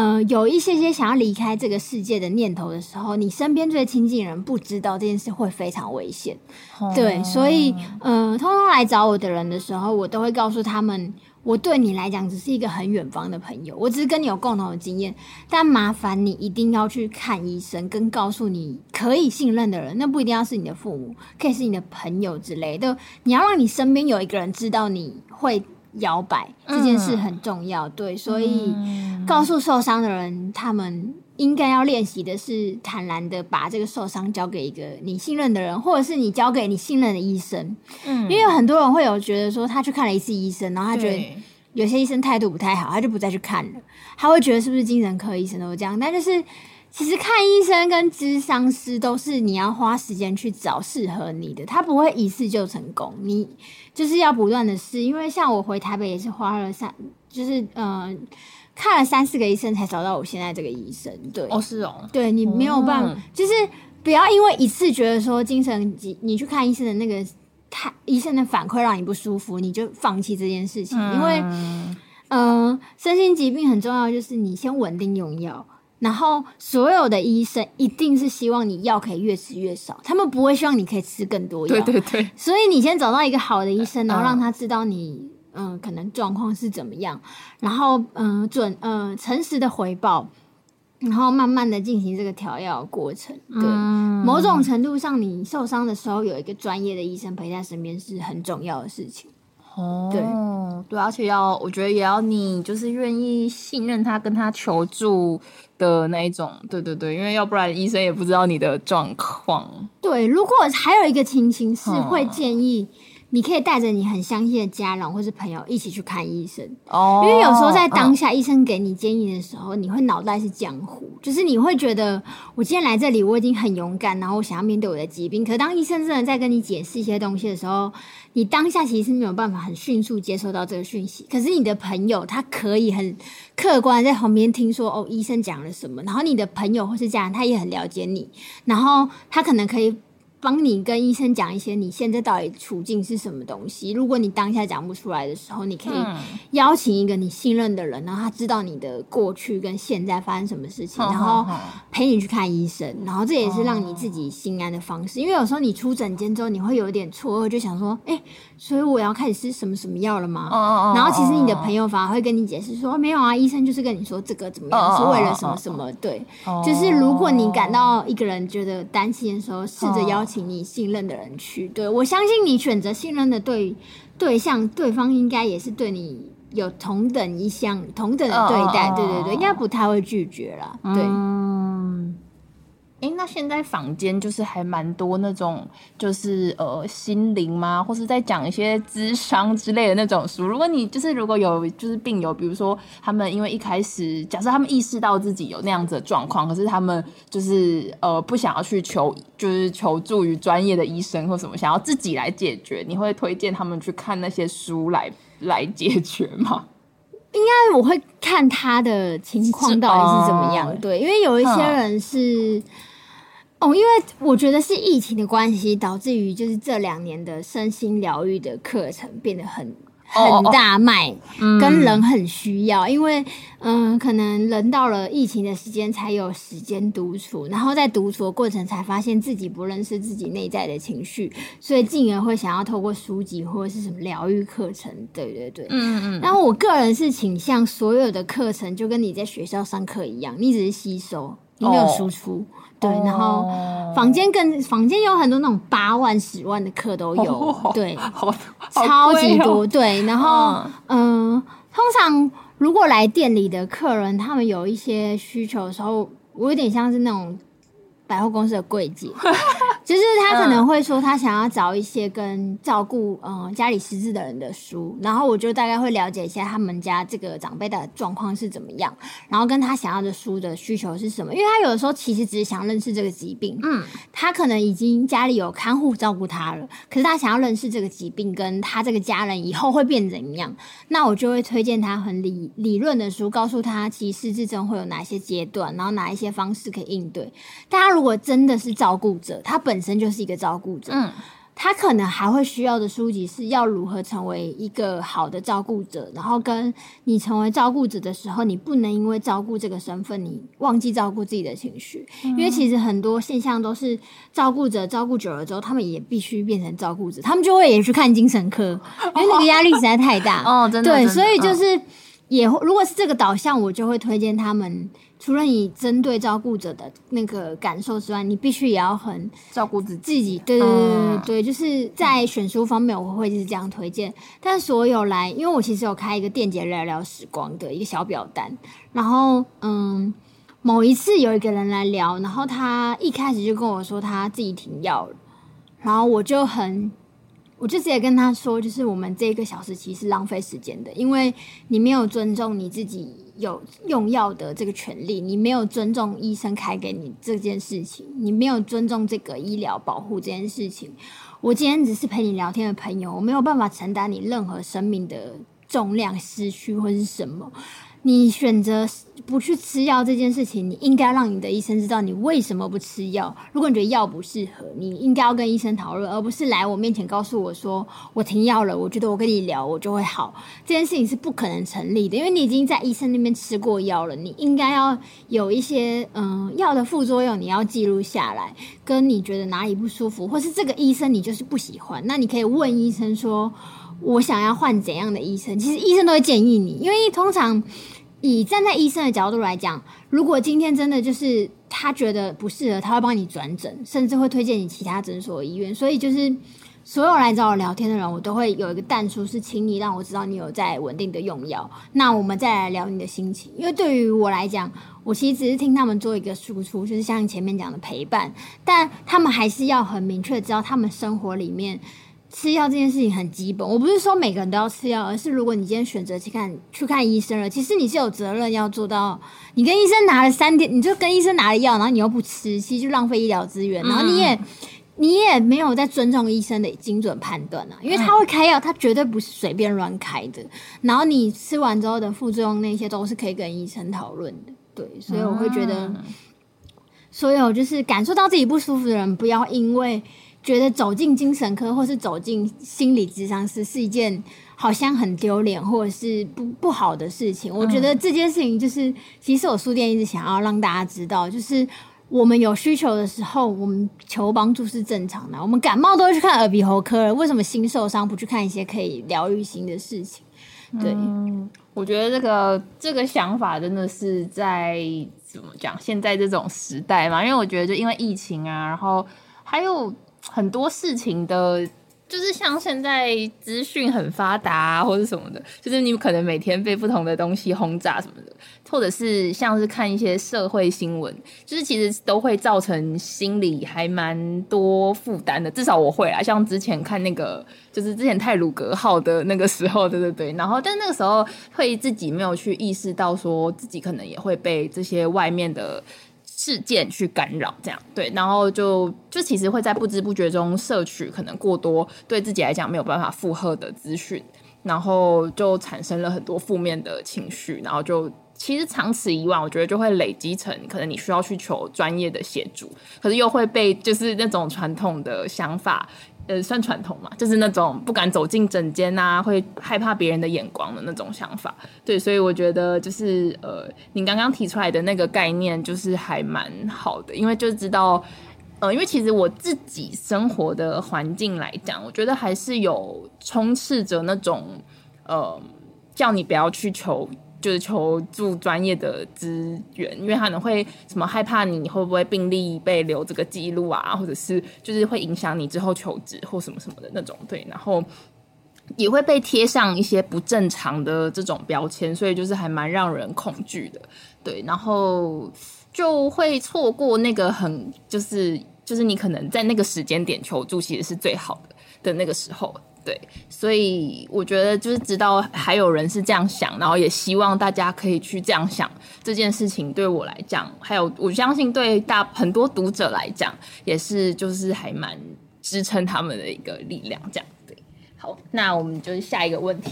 嗯、呃，有一些些想要離開這個世界的念頭的時候，你身邊最親近的人不知道這件事會非常危險。嗯、對，所以，嗯、呃，通通來找我的人的時候，我都會告訴他們，我對你來講只是一個很遠方的朋友，我只是跟你有共同的經驗。但麻煩你一定要去看醫生，跟告訴你可以信任的人，那不一定要是你的父母，可以是你的朋友之類的。你要讓你身邊有一個人知道你會搖擺這件事很重要，嗯、對，所以、嗯、告訴受傷的人，他們應該要練習的是坦然的把這個受傷交給一個你信任的人，或者是你交給你信任的醫生。嗯、因為很多人會有覺得說，他去看了一次醫生，然後他覺得有些醫生態度不太好，他就不再去看了。他會覺得是不是精神科醫生都這樣？但就是。其實看醫生跟諮商師都是你要花時間去找適合你的。他不會一次就成功，你就是要不斷的試。因為像我回台北也是花了三，就是嗯、呃，看了三四個醫生才找到我現在這個醫生。對，哦，是哦，對，你沒有辦法，哦、就是不要因為一次覺得說精神疾你去看醫生的那個看醫生的反饋讓你不舒服，你就放棄這件事情。嗯、因為嗯、呃，身心疾病很重要，就是你先穩定用藥。然後所有的醫生一定是希望你藥可以越吃越少，他們不會希望你可以吃更多藥。對對對。所以你先找到一個好的醫生，呃、然後讓他知道你嗯、呃、可能狀況是怎麼樣，然後嗯、呃、準嗯、呃、誠實的回報，然後慢慢的進行這個調藥過程。對，嗯、某種程度上，你受傷的時候有一個專業的醫生陪在身邊是很重要的事情。哦，對對，而且要，我覺得也要你就是願意信任他，跟他求助的那一種，對對對，因為要不然醫生也不知道你的狀況。對，如果還有一個情形是會建議。嗯你可以帶着你很相信的家人或是朋友一起去看醫生，哦，因為有時候在當下醫生給你建議的時候，你會腦袋是漿糊，就是你會覺得我今天來這裡我已經很勇敢，然後我想要面對我的疾病。可是當醫生真的在跟你解釋一些東西的時候，你當下其實是沒有辦法很迅速接收到這個訊息。可是你的朋友他可以很客觀在旁邊聽說哦，醫生講了什麼，然後你的朋友或是家人他也很了解你，然後他可能可以。幫你跟醫生講一些你現在到底處境是什麼東西。如果你當下講不出來的時候，你可以邀請一個你信任的人，然後他知道你的過去跟現在發生什麼事情，然後陪你去看醫生，然後這也是讓你自己心安的方式。因為有時候你出診間之後，你會有點錯愕，就想說，哎、欸。所以我要開始吃什麼什麼藥了嗎？Oh, oh, oh, oh, oh. 然後其實你的朋友反而會跟你解釋說，沒有啊，醫生就是跟你說這個怎麼樣，oh, oh, 是為了什麼什麼。Oh, oh, oh, oh. 對，就是如果你感到一個人覺得擔心的時候，試着邀請你信任的人去。Oh, oh. 對，我相信你選擇信任的對對象，對方應該也是對你有同等一項同等的對待。Oh, oh, oh, oh, oh. 對對對，應該不太會拒絕了。對。Um 哎，那現在坊間就是還蠻多那種，就是呃心靈嗎？或是在講一些諮商之類的那種書。如果你就是如果有就是病友，比如說他們因為一開始假設他們意識到自己有那樣子的狀況，可是他們就是呃不想要去求，就是求助於專業的醫生或什麼，想要自己來解決，你會推薦他們去看那些書來來解決嗎？應該我會看他的情況到底是怎麼樣，呃、對，因為有一些人是。嗯哦，因為我覺得是疫情的關係，導致於就是這兩年的身心療癒的課程變得很很大賣，哦哦哦嗯、跟人很需要。因為嗯，可能人到了疫情的時間，才有時間獨處，然後在獨處的過程，才發現自己不認識自己內在的情緒，所以進而會想要透過書籍或者是什麼療癒課程，對對對，嗯嗯。然後我個人是傾向所有的課程，就跟你在學校上課一樣，你只是吸收。你沒有輸出，oh. 對，然後坊間跟坊間有很多那種八萬、十萬的課都有，oh. 對，oh. 超級多，oh. 對，然後、oh. 嗯，通常如果來店裡的客人，他們有一些需求的時候，我有點像是那種。百貨公司的櫃姐，就是他可能會說他想要找一些跟照顧嗯家裡失智的人的書，然後我就大概會了解一下他們家這個長輩的狀況是怎麼樣，然後跟他想要的書的需求是什麼，因為他有的時候其實只是想認識這個疾病，嗯，他可能已經家裡有看護照顧他了，可是他想要認識這個疾病，跟他這個家人以後會變怎樣，那我就會推薦他很理理論的書，告訴他其實失智症會有哪些階段，然後哪一些方式可以應對，大家。如果真的是照顧者，他本身就是一個照顧者。嗯，他可能還會需要的書籍是要如何成為一個好的照顧者，然後跟你成為照顧者的時候，你不能因為照顧這個身份，你忘記照顧自己的情緒。嗯、因為其實很多現象都是照顧者照顧久了之後，他們也必須變成照顧者，他們就會也去看精神科，哦、因為那個壓力實在太大。哦，真的對，真的所以就是、哦、也會，如果是這個導向，我就會推薦他們。除了你針對照顧者的那個感受之外，你必須也要很照顧自己自己。對對對、嗯、對，就是在選書方面，我會就是這樣推薦。嗯、但所有來，因為我其實有開一個電解聊聊時光的一個小表單，然後嗯，嗯某一次有一個人來聊，然後他一開始就跟我說他自己停藥了，然後我就很。我就直接跟他說，就是我們這一個小時其實是浪費時間的，因為你沒有尊重你自己有用藥的這個權利，你沒有尊重醫生開給你這件事情，你沒有尊重這個醫療保護這件事情。我今天只是陪你聊天的朋友，我沒有辦法承擔你任何生命的重量、失去或是什麼。你選擇不去吃藥這件事情，你應該讓你的醫生知道你為什麼不吃藥。如果你覺得藥不適合，你應該要跟醫生討論，而不是來我面前告訴我說我停藥了。我覺得我跟你聊，我就會好。這件事情是不可能成立的，因為你已經在醫生那邊吃過藥了。你應該要有一些嗯藥的副作用，你要記錄下來，跟你覺得哪裡不舒服，或是這個醫生你就是不喜歡，那你可以問醫生說。我想要換怎樣的醫生？其實醫生都會建議你，因為通常以站在醫生的角度來講，如果今天真的就是他覺得不適合，他會幫你轉診，甚至會推薦你其他診所、醫院。所以就是所有來找我聊天的人，我都會有一個但書，是請你讓我知道你有在穩定的用藥，那我們再來聊你的心情。因為對於我來講，我其實只是聽他們做一個輸出，就是像你前面講的陪伴，但他們還是要很明確知道他們生活裡面。吃藥這件事情很基本，我不是說每個人都要吃藥，而是如果你今天選擇去看去看醫生了，其實你是有責任要做到，你跟醫生拿了三天，你就跟醫生拿了藥，然後你又不吃，其實就浪費醫療資源，然後你也、嗯、你也沒有在尊重醫生的精準判斷吶、啊，因為他會開藥，他絕對不是隨便亂開的，然後你吃完之後的副作用那些都是可以跟醫生討論的，對，所以我會覺得，嗯、所有就是感受到自己不舒服的人，不要因為。覺得走進精神科或是走進心理諮商師，是一件好像很丟臉或者是不不好的事情。我覺得這件事情就是，嗯、其實我書店一直想要讓大家知道，就是我們有需求的時候，我們求幫助是正常的。我們感冒都會去看耳鼻喉科，為什麼心受傷不去看一些可以療癒心的事情？對，嗯、我覺得這個這個想法真的是在怎麼講？現在這種時代嘛，因為我覺得就因為疫情啊，然後還有。很多事情的，就是像現在資訊很發達啊，或者什麼的，就是你可能每天被不同的東西轟炸什麼的，或者是像是看一些社會新聞，就是其實都會造成心理還蠻多負擔的。至少我會啊，像之前看那個，就是之前太魯閣號的那個時候，對對對，然後但那個時候會自己沒有去意識到，說自己可能也會被這些外面的。事件去干擾，這樣對，然後就就其實會在不知不覺中攝取可能過多對自己來講沒有辦法負荷的資訊，然後就產生了很多負面的情緒，然後就其實長此以往，我覺得就會累積成可能你需要去求專業的協助，可是又會被就是那種傳統的想法。呃，算傳統嘛，就是那種不敢走進診間啊，會害怕別人的眼光的那種想法。對，所以我覺得就是呃，你剛剛提出來的那個概念，就是還蠻好的，因為就知道，呃，因為其實我自己生活的環境來講，我覺得還是有充斥着那種，呃，叫你不要去求。就是求助專業的資源，因為他可能會什麼害怕你會不會病歷被留，這個記錄啊，或者是就是會影響你之後求職或什麼什麼的那種，對，然後也會被貼上一些不正常的這種標籤，所以就是還蠻讓人恐懼的，對，然後就會錯過那個很就是就是你可能在那個時間點求助其實是最好的的那個時候。對，所以我覺得就是知道還有人是這樣想，然後也希望大家可以去這樣想這件事情。對我來講，還有我相信對大很多讀者來講，也是就是還蠻支撐他們的一個力量。這樣，對，好，那我們就是下一個問題。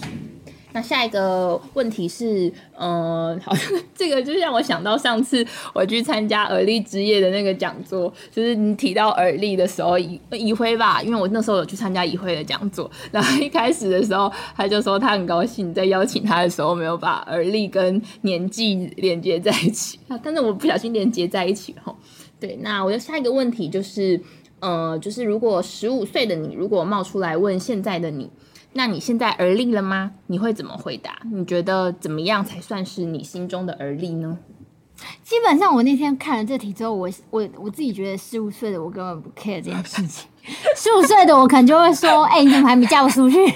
那下一個問題是，嗯，好，這個就讓我想到上次我去參加而立之夜的那個講座，就是你提到而立的時候，一輝吧，因為我那時候有去參加一輝的講座，然後一開始的時候，他就說他很高興在邀請他的時候沒有把而立跟年紀連接在一起，但是我不小心連接在一起，吼，對。那我的下一個問題就是，呃、嗯，就是如果十五歲的你，如果冒出來問現在的你。那你現在而立了嗎？你會怎麼回答？你覺得怎麼樣才算是你心中的而立呢？基本上，我那天看了這題之後，我我我自己覺得十五歲的我根本不 care 這件事情。十五歲的我可能就會說：“哎對、欸，你怎麼還沒嫁我出去？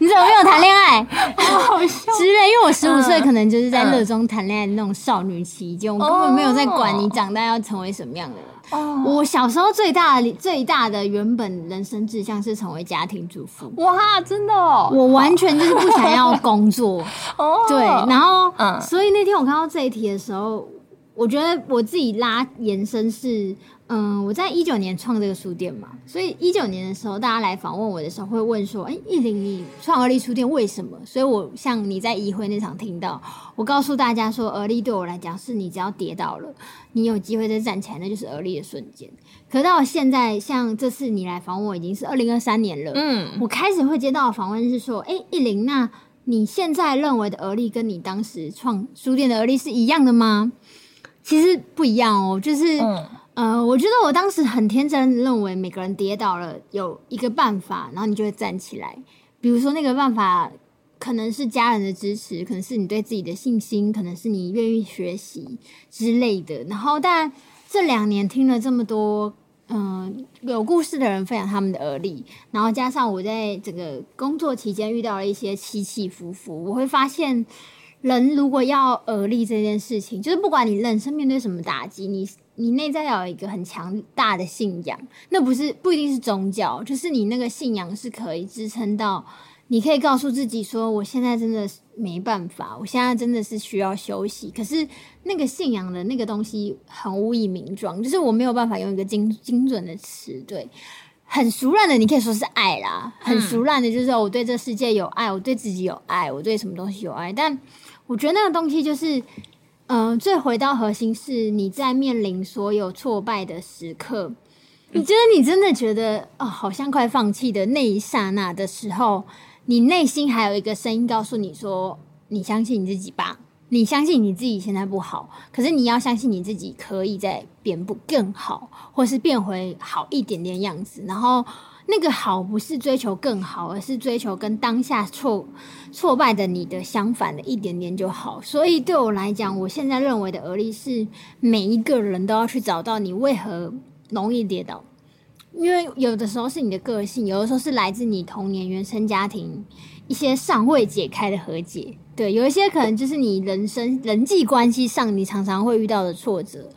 你怎麼沒有談戀愛？”好好笑。因為，因為我十五歲可能就是在熱衷談戀愛的那種少女期間，我根本沒有在管你長大要成為什麼樣的人。Oh. 我小時候最大的最大的原本人生志向是成為家庭主婦。哇，wow, 真的哦，我完全就是不想要工作。哦，oh. 對，然後，oh. 所以那天我看到這一題的時候，我覺得我自己拉延伸是。嗯，我在一九年創這個書店嘛，所以一九年的時候，大家來訪問我的時候會問說：“哎，億玲，你創而立書店為什麼？”所以，我像你在議會那場聽到，我告訴大家說，而立對我來講，是你只要跌倒了，你有機會再站起來，那就是而立的瞬間。可到現在像這次你來訪問我，已經是二零二三年了，嗯，我開始會接到訪問是說：“哎，億玲，那你現在認為的而立，跟你當時創書店的而立是一樣的嗎？”其實不一樣哦，就是。嗯。嗯、呃，我覺得我當時很天真，認為每個人跌倒了有一個辦法，然後你就會站起來。比如說那個辦法可能是家人的支持，可能是你對自己的信心，可能是你願意學習之類的。然後，但這兩年聽了這麼多嗯、呃、有故事的人分享他們的而立，然後加上我在整個工作期間遇到了一些起起伏伏，我會發現，人如果要而立這件事情，就是不管你人生面對什麼打擊，你。你內在要有一個很強大的信仰，那不是不一定是宗教，就是你那個信仰是可以支撐到，你可以告訴自己說，我現在真的是沒辦法，我現在真的是需要休息。可是那個信仰的那個東西很無以名狀，就是我沒有辦法用一個精精準的詞。對，很俗爛的，你可以說是愛啦，很俗爛的，就是說我對這世界有愛，我對自己有愛，我對什麼東西有愛。但我覺得那個東西就是。嗯，最回到核心是，你在面臨所有挫敗的時刻，嗯、你覺得你真的覺得啊、呃，好像快放棄的那一剎那的時候，你內心還有一個聲音告訴你說，你相信你自己吧，你相信你自己現在不好，可是你要相信你自己可以再變不更好，或是變回好一點點樣子，然後。那個好不是追求更好，而是追求跟當下挫挫敗的你的相反的一點點就好。所以對我來講，我現在認為的而立是每一個人都要去找到你為何容易跌倒，因為有的時候是你的個性，有的時候是來自你童年原生家庭一些尚未解開的和解。對，有一些可能就是你人生人際關係上你常常會遇到的挫折。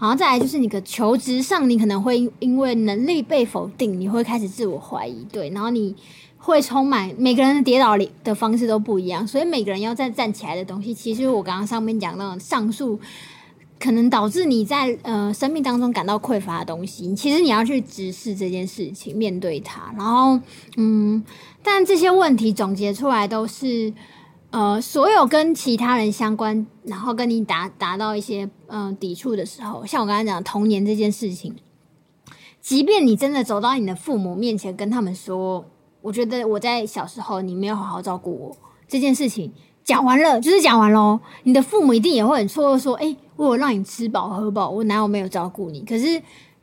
然後再來就是你的求職上，你可能會因為能力被否定，你會開始自我懷疑，對，然後你會充滿，每個人跌倒的的方式都不一樣，所以每個人要再站起來的東西，其實我剛剛上面講那種上述可能導致你在呃生命當中感到匱乏的東西，其實你要去直視這件事情，面對它，然後嗯，但這些問題總結出來都是。呃，所有跟其他人相關，然後跟你達達到一些嗯、呃、抵觸的時候，像我剛才講的童年這件事情，即便你真的走到你的父母面前跟他們說，我覺得我在小時候你沒有好好照顧我這件事情，講完了就是講完咯、哦、你的父母一定也會很錯愕說：“誒、欸，我有讓你吃飽喝飽，我哪有沒有照顧你？”可是，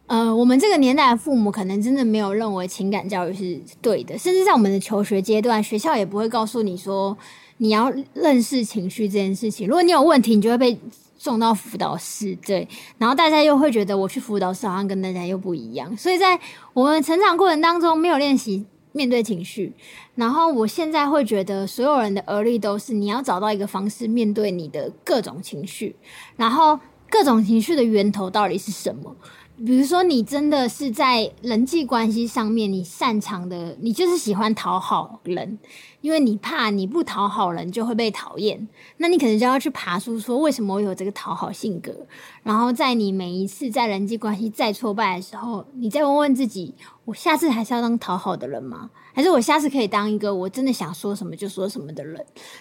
呃，我們這個年代的父母可能真的沒有認為情感教育是對的，甚至在我們的求學階段，學校也不會告訴你說。你要認識情緒這件事情。如果你有問題，你就會被送到輔導室，對。然後大家又會覺得我去輔導室好像跟大家又不一樣，所以在我們成長過程當中沒有練習面對情緒。然後我現在會覺得所有人的而立都是你要找到一個方式面對你的各種情緒，然後各種情緒的源頭到底是什麼？比如說，你真的是在人際關係上面，你擅長的，你就是喜歡討好人，因為你怕你不討好人就會被討厭，那你可能就要去爬梳，說，為什麼我有這個討好性格？然後在你每一次在人際關係再挫敗的時候，你再問問自己。我下次還是要當討好的人嗎？還是我下次可以當一個我真的想說什麼就說什麼的人？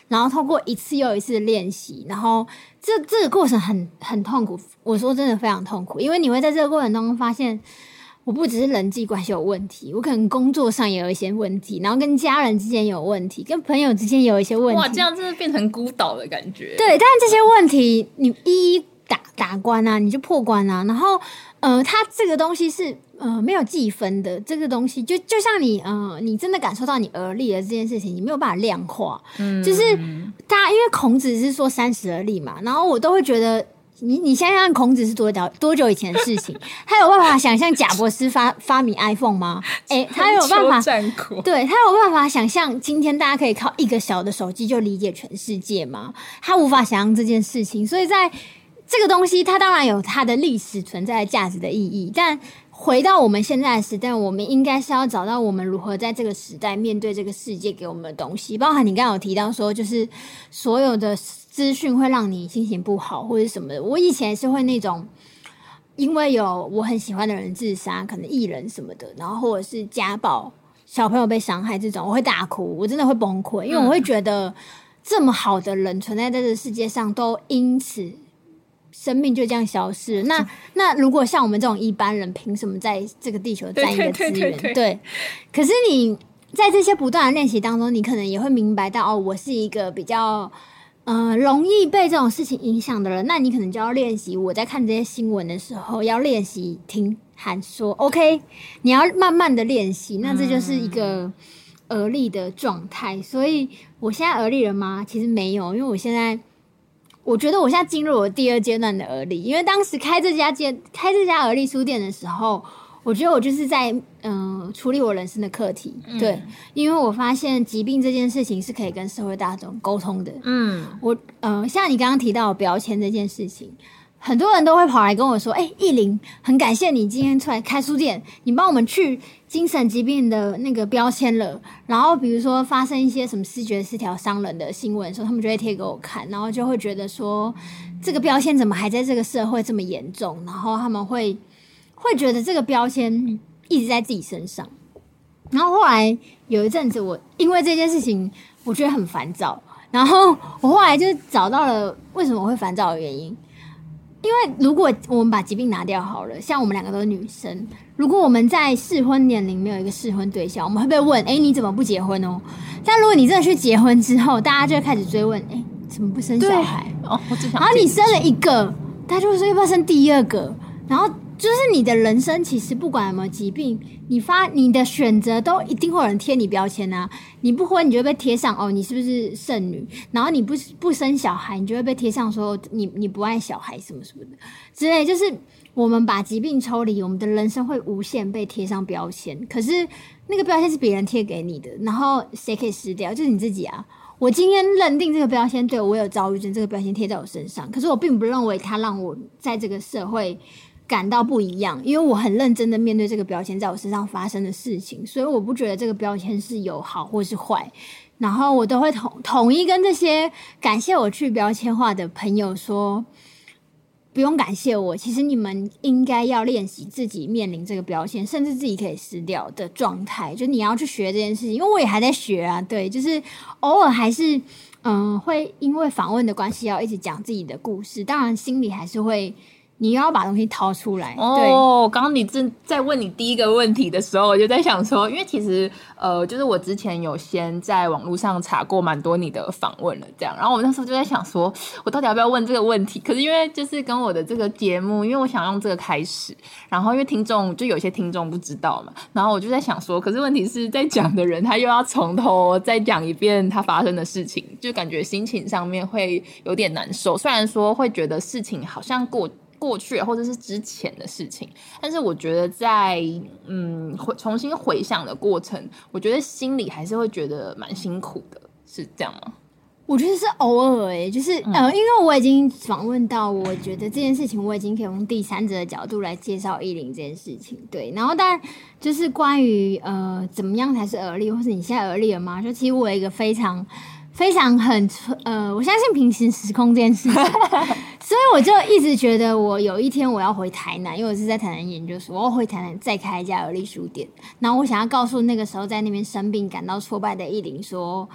然後透過一次又一次的練習，然後這這個過程很很痛苦。我說真的非常痛苦，因為你會在這個過程當中發現，我不只是人際關係有問題，我可能工作上也有一些問題，然後跟家人之間有問題，跟朋友之間有一些問題。哇，這樣真的變成孤島的感覺。對，但這些問題你一一打打關啊，你就破關啊。然後，嗯、呃，它這個東西是。嗯、呃，沒有計分的這個東西，就就像你嗯、呃，你真的感受到你而立的這件事情，你沒有辦法量化。嗯，就是大家因為孔子是說三十而立嘛，然後我都會覺得，你你想想看孔子是多多久以前的事情， 他有辦法想象賈伯斯發發明 iPhone 嗎？哎， 他有辦法？對，他有辦法想象今天大家可以靠一個小的手機就理解全世界嗎？他無法想象這件事情，所以在這個東西，它當然有它的歷史存在的價值的意義，但。回到我們現在的時代，我們應該是要找到我們如何在這個時代面對這個世界給我們的東西。包含你剛剛有提到說，就是所有的資訊會讓你心情不好，或者什麼的。我以前也是會那種，因為有我很喜歡的人自殺，可能藝人什麼的，然後或者是家暴、小朋友被傷害這種，我會大哭，我真的會崩潰，因為我會覺得這麼好的人存在在這個世界上，都因此。生命就這樣消失，那那如果像我們這種一般人，憑什麼在這個地球占一個資源？對，對，對，對，對，可是你在這些不斷的練習當中，你可能也會明白到哦，我是一個比較呃容易被這種事情影響的人。那你可能就要練習，我在看這些新聞的時候要練習聽喊說 OK，你要慢慢的練習。那這就是一個而立的狀態。嗯、所以我現在而立了嗎？其實沒有，因為我現在。我覺得我現在進入我第二階段的而立，因為當時開這家店，開這家而立書店的時候，我覺得我就是在嗯、呃、處理我人生的課題，嗯、對，因為我發現疾病這件事情是可以跟社會大眾溝通的，嗯，我嗯、呃、像你剛剛提到我標籤這件事情。.很多人都會跑來跟我說：“哎、欸，億玲，很感謝你今天出來開書店，你幫我們去精神疾病的那個標籤了。”然後，比如說發生一些什麼思覺失調傷人的新聞，說他們就會貼給我看，然後就會覺得說這個標籤怎麼還在這個社會這麼嚴重？然後他們會會覺得這個標籤一直在自己身上。然後後來有一陣子我，我因為這件事情，我覺得很煩躁。然後我後來就找到了為什麼會煩躁的原因。因為如果我們把疾病拿掉好了，像我們兩個都是女生，如果我們在適婚年齡沒有一個適婚對象，我們會不會問：哎，你怎麼不結婚哦？但如果你真的去結婚之後，大家就會開始追問：哎，怎麼不生小孩哦？對，然後你生了一個，他就會說要不要生第二個？然後。就是你的人生，其實不管什麼疾病，你發你的選擇都一定會有人貼你標籤啊。你不婚，你就會被貼上哦，你是不是剩女？然後你不不生小孩，你就會被貼上說你你不愛小孩什麼什麼的之類。就是我們把疾病抽離，我們的人生會無限被貼上標籤。可是那個標籤是別人貼給你的，然後誰可以撕掉？就是你自己啊！我今天認定這個標籤對我，我有遭遇症，這個標籤貼在我身上，可是我並不認為它讓我在這個社會感到不一樣，因為我很認真的面對這個標籤在我身上發生的事情，所以我不覺得這個標籤是有好或是壞。然後我都會統統一跟這些感謝我去標籤化的朋友說，不用感謝我，其實你們應該要練習自己面臨這個標籤，甚至自己可以撕掉的狀態。就你要去學這件事情，因為我也還在學啊。對，就是偶爾還是嗯，會因為訪問的關係要一直講自己的故事，當然心裡還是會。你要把東西掏出來哦。Oh, 對。剛剛你正在問你第一個問題的時候，我就在想說，因為其實呃，就是我之前有先在網絡上查過蠻多你的訪問了，這樣。然後我那時候就在想說，我到底要不要問這個問題？可是因為就是跟我的這個節目，因為我想用這個開始，然後因為聽眾就有些聽眾不知道嘛，然後我就在想說，可是問題是在講的人他又要從頭再講一遍他發生的事情，就感覺心情上面會有點難受。雖然說會覺得事情好像過。過去或者是之前的事情，但是我覺得在嗯回重新回想的過程，我覺得心裡還是會覺得蠻辛苦的，是這樣嗎？我覺得是偶爾哎、欸，就是、嗯、呃，因為我已經訪問到，我覺得這件事情我已經可以用第三者的角度來介紹億玲這件事情，對。然後但就是關於呃怎麼樣才是而立，或是你現在而立了嗎？就其實我有一個非常。非常很呃，我相信平行時空這件事情， 所以我就一直覺得，我有一天我要回台南，因為我是在台南研究所，我要回台南再開一家而立書店。然後我想要告訴那個時候在那邊生病、感到挫敗的億玲說，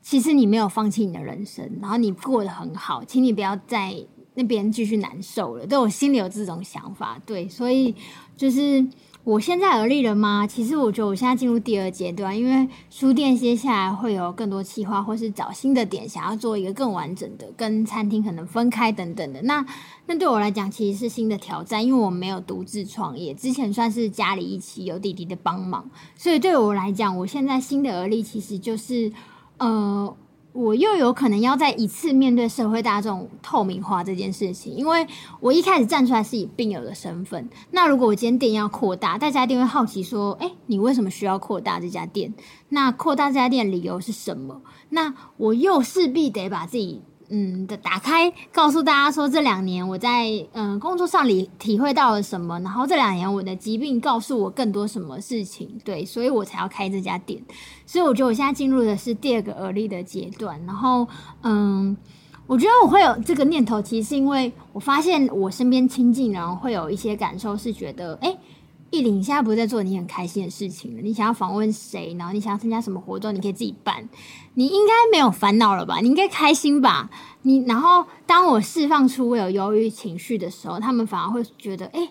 其實你沒有放棄你的人生，然後你過得很好，請你不要在那邊繼續難受了。對，我心裡有這種想法，對，所以就是。我現在而立了嗎？其實我覺得我現在進入第二階段，因為書店接下來會有更多計劃，或是找新的點，想要做一個更完整的，跟餐廳可能分開等等的。那那對我來講其實是新的挑戰，因為我沒有獨自創業，之前算是家裡一起有弟弟的幫忙，所以對我來講，我現在新的而立其實就是，嗯、呃。我又有可能要再一次面對社會大眾透明化這件事情，因為我一開始站出來是以病友的身份。那如果我今天店要擴大，大家一定會好奇說：“誒，你為什麼需要擴大這家店？那擴大這家店的理由是什麼？”那我又勢必得把自己。嗯的打開，告訴大家說這兩年我在嗯工作上裡體會到了什麼，然後這兩年我的疾病告訴我更多什麼事情，對，所以我才要開這家店。所以我覺得我現在進入的是第二個而立的階段。然後嗯，我覺得我會有這個念頭，其實是因為我發現我身邊親近人會有一些感受，是覺得誒。欸你現在不是在做你很開心的事情了。你想要訪問誰，然後你想要參加什麼活動，你可以自己辦。你應該沒有煩惱了吧？你應該開心吧？你然後，當我釋放出我有憂鬱情緒的時候，他們反而會覺得：誒，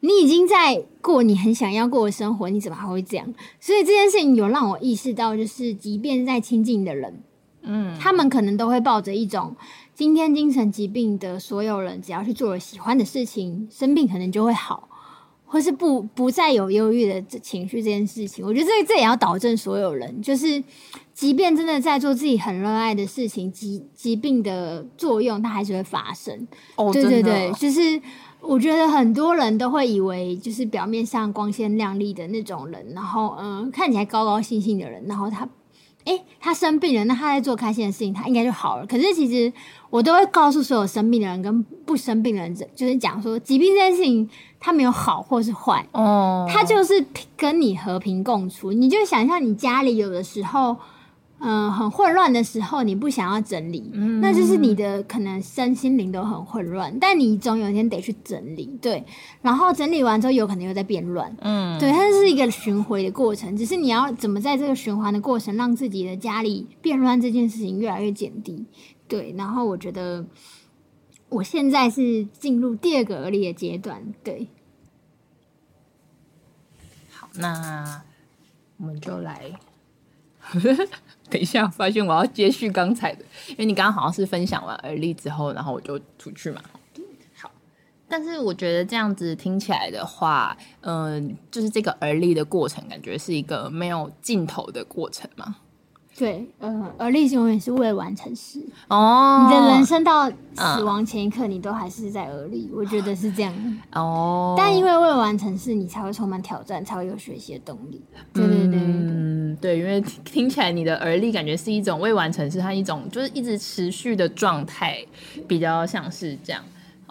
你已經在過你很想要過的生活，你怎麼還會這樣？所以這件事情有讓我意識到，就是即便在親近的人，嗯，他們可能都會抱着一種：今天精神疾病的所有人，只要去做了喜歡的事情，生病可能就會好。或是不不再有憂鬱的情緒這件事情，我覺得這這也要導正所有人，就是即便真的在做自己很熱愛的事情，疾疾病的作用它還是會發生。哦，對對對，哦、就是我覺得很多人都會以為，就是表面上光鮮亮麗的那種人，然後嗯看起來高高興興的人，然後他誒，他生病了，那他在做開心的事情，他應該就好了。可是其實我都會告訴所有生病的人跟不生病的人，就是講說疾病這件事情。它沒有好或是壞，哦，oh. 它就是跟你和平共處。你就想象你家裡有的時候，嗯、呃，很混亂的時候，你不想要整理，嗯，mm. 那就是你的可能身心靈都很混亂。但你總有一天得去整理，對。然後整理完之後，有可能又在變亂，嗯，mm. 對，它是一個循環的過程。只是你要怎麼在這個循環的過程，讓自己的家裡變亂這件事情越來越減低，對。然後我覺得，我現在是進入第二個而立的階段，對。那我們就來， 等一下發現我要接續剛才的，因為你剛剛好像是分享完而立之後，然後我就出去嘛。好，但是我覺得這樣子聽起來的話，嗯、呃，就是這個而立的過程，感覺是一個沒有盡頭的過程嘛。對，呃，而立是永遠是未完成式。哦。Oh, 你的人生到死亡前一刻，你都還是在而立，嗯、我覺得是這樣哦。Oh. 但因為未完成式，你才會充滿挑戰，才會有學習的動力。對對對，對，對，對，嗯，對，因為聽、聽起來你的而立感覺是一種未完成式，它一種就是一直持續的狀態，比較像是這樣。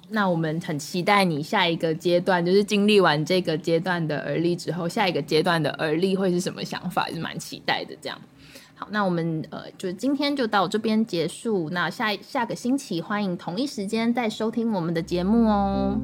那我們很期待你下一個階段，就是經歷完這個階段的而立之後，下一個階段的而立會是什麼想法？是蠻期待的這樣。好，那我們呃，就今天就到這邊結束。那下下個星期，歡迎同一時間再收聽我們的節目哦。